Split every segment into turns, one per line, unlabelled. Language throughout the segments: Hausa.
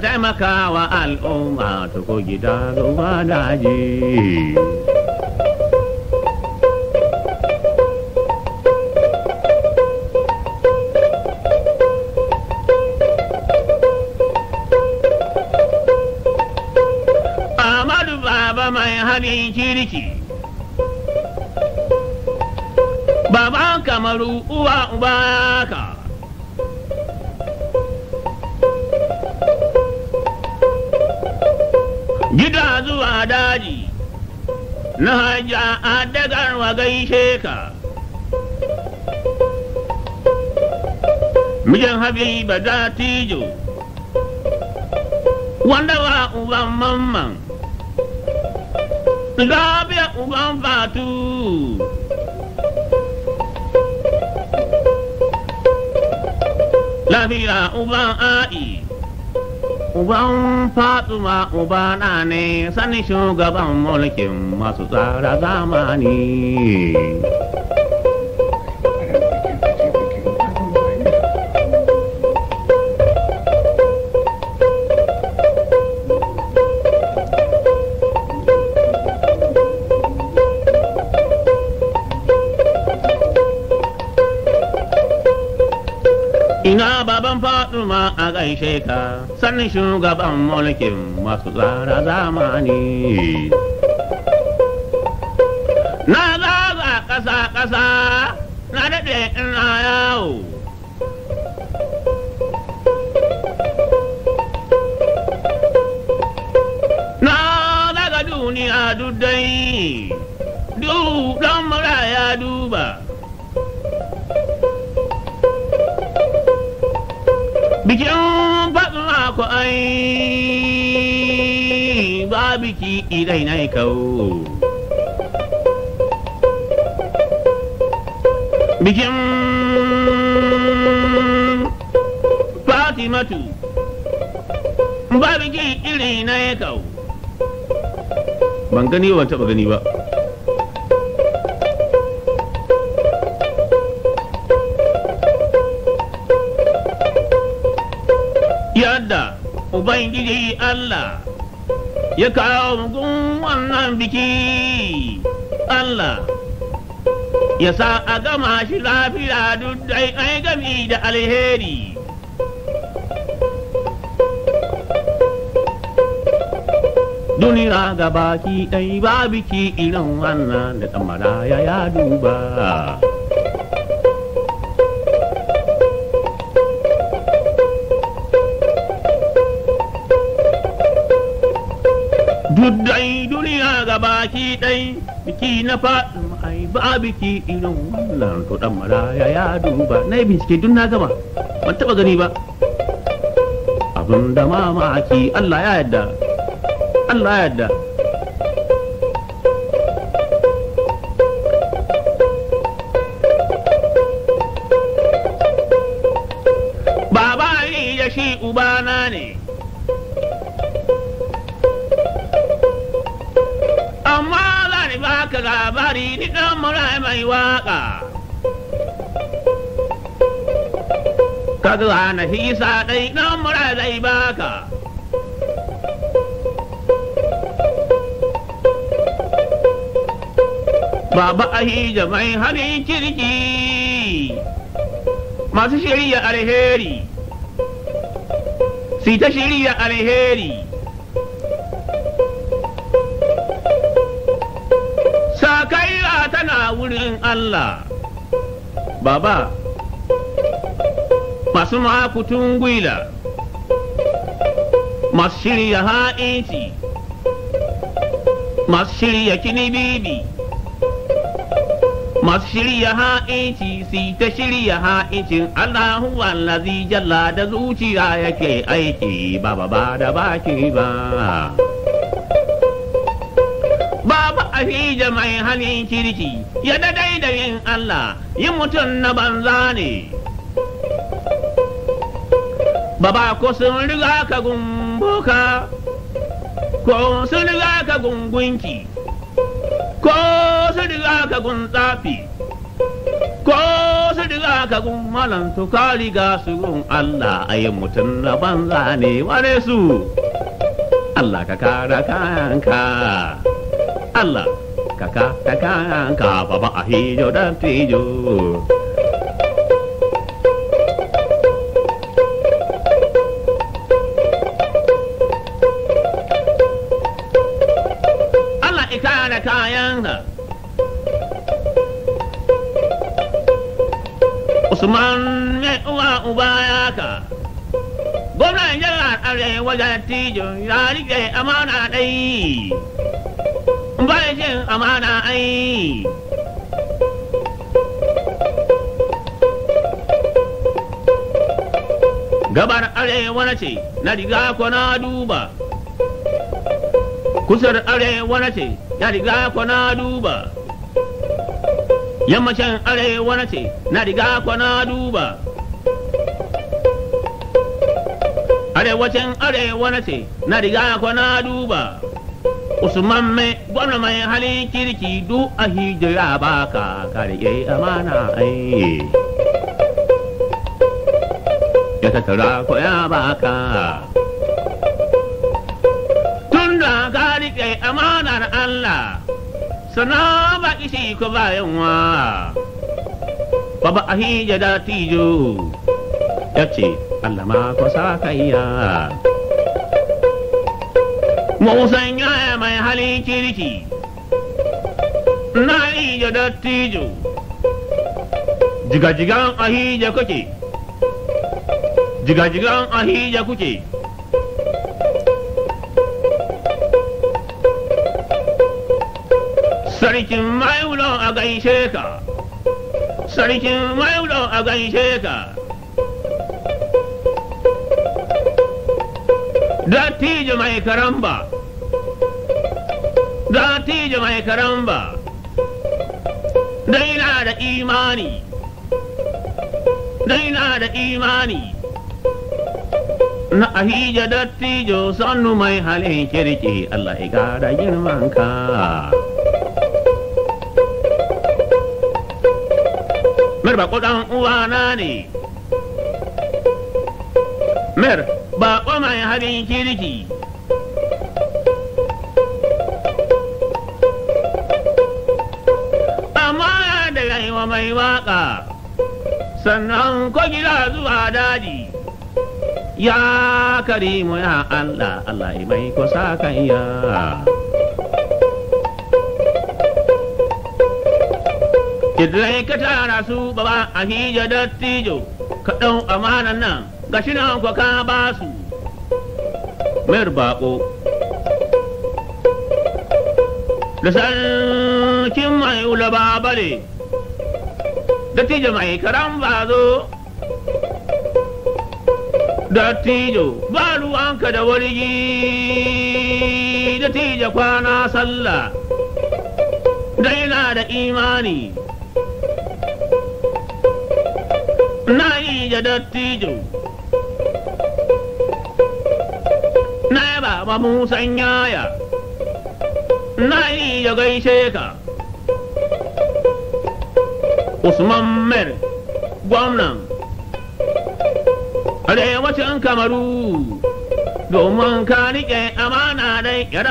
taimaka wa al'umma ta ko gida daji. Amadu baba mai halin kirki. Baba kamaru uwa uba ka. gida zuwa daji na hajji a dagar wa gaishe ka mijin habiba da tijo wanda wa uban mamman zaɓe uban fatu lafiya uban a'i Uban Fatima ubana ne sani shugaban mulkin masu tsara zamani. Ina baban faɗuma a gaishe ka, sannin shugaban mulkin masu tsara zamani. Na ga ƙasa-ƙasa, na daɗe ina yawo. Na daga duniya dudai, duk don mura ya duba. bikin faɗin ku ai ba biki idai na kawo bikin fatimatu ba biki na kawo ban gani wata ba gani ba Ubangiji Allah ya kawo mugun wannan biki Allah ya sa a gama shi lafiya duk da ai gami da alheri. Duniya ga baki ɗai ba biki irin wannan da kamara ya duba. duk dai duniya ga baki dai biki na faɗin ai ba biki irin wannan to dan maraya ya duba na yi bincike duk na gama ban taba gani ba abin da mamaki Allah ya yadda. Allah ya yadda. Baba ya shi ubana ne amma za baka labari ni dan mura mai waka kaga na hisa ɗai dan mura zai baka Baba ahija mai halin kirki masu shirya alheri, sita shirya alheri. tana wurin Allah. Baba, masu makutun gwila, masu shirya ha'inci, masu shirya kinibibi, masu shirya ha'inci si ta shirya ha'incin Allahu lazi jalla da zuciya yake aiki ba ba da baki ba. da mai halin kirki ya dadai da yin Allah yi mutum na banza ne. Baba ko sun riga ka gumboka, ko sun riga ka gungunki, ko sun riga ka tsafi, ko sun riga ka gunmalan ka riga su gun Allah a yin mutum na banza ne wane su. Allah ka kara kanka. alla ka ka ka ka ka ba ba hi yo da ti yo alla ikana ka yanga usman ne wa ubaya ka gobra yanga are wa ti yo ya ke amana dai bai jin amana ai gabar arewa na ce na riga ko na duba kusur arewa na ce na riga ko na duba yammacin arewa na ce na riga ko na duba arewacin arewa na ce na riga ko na duba Usman mai gwamna mai hali kirki du a hijira ba ka karye amana ai. Ya tattara ko ya baka. Tun da ka riƙe amanar Allah, sana ba isi ko bayan wa. Baba a hijira tijo, ya ce, Allah ma ko sa kaiya. Musan yaya mai hali kirki, na iya dattijo, jigajigan ahija kuke, jigajigan ahija kuke. Sarkin maiulon a gaishe ka, sarkin maiulon a gaishe ka. dattijo mai karamba dattijo mai karamba daina da imani daina da imani na ahija dattijo sannu mai halin kirki Allah ya gada girman ka Mer ba kudan uwana ne Mer ba mai halin kirki. Amma da wa mai waƙa, sannan ko gida zuwa daji. Ya karimu ya Allah, Allah mai kusa kanya. Idrai ka tara su baba a hijadar tijo, ka amanan nan. gashi nan basu. ka ba su mayar baƙo da sarkin mai ne bale, dattijo mai karan bazo dattijo ba ruwanka da wargi dattijo kwana sallah daina da imani na yi da dattijo baba musan yaya na ya gaishe ka usman mer gwamnan arewacin kamaru domin ka riƙe amana dai ya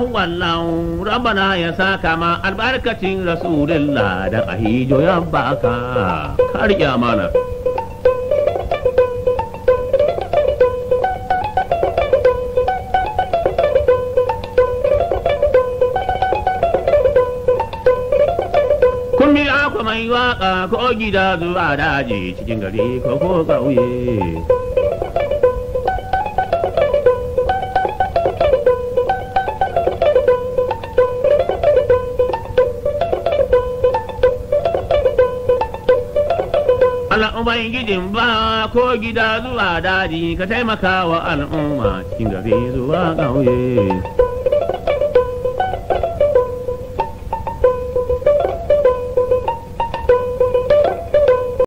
huwallon raba na ya sa kama albarkacin rasulillah da ahijo ya baka ka riƙe amana Kumbi akwa mai waka ko gida zuwa daji cikin gari ko ko ƙauye. Ubangijin ba ko gida zuwa daji ka taimaka wa al'umma cikin gari zuwa ƙauye.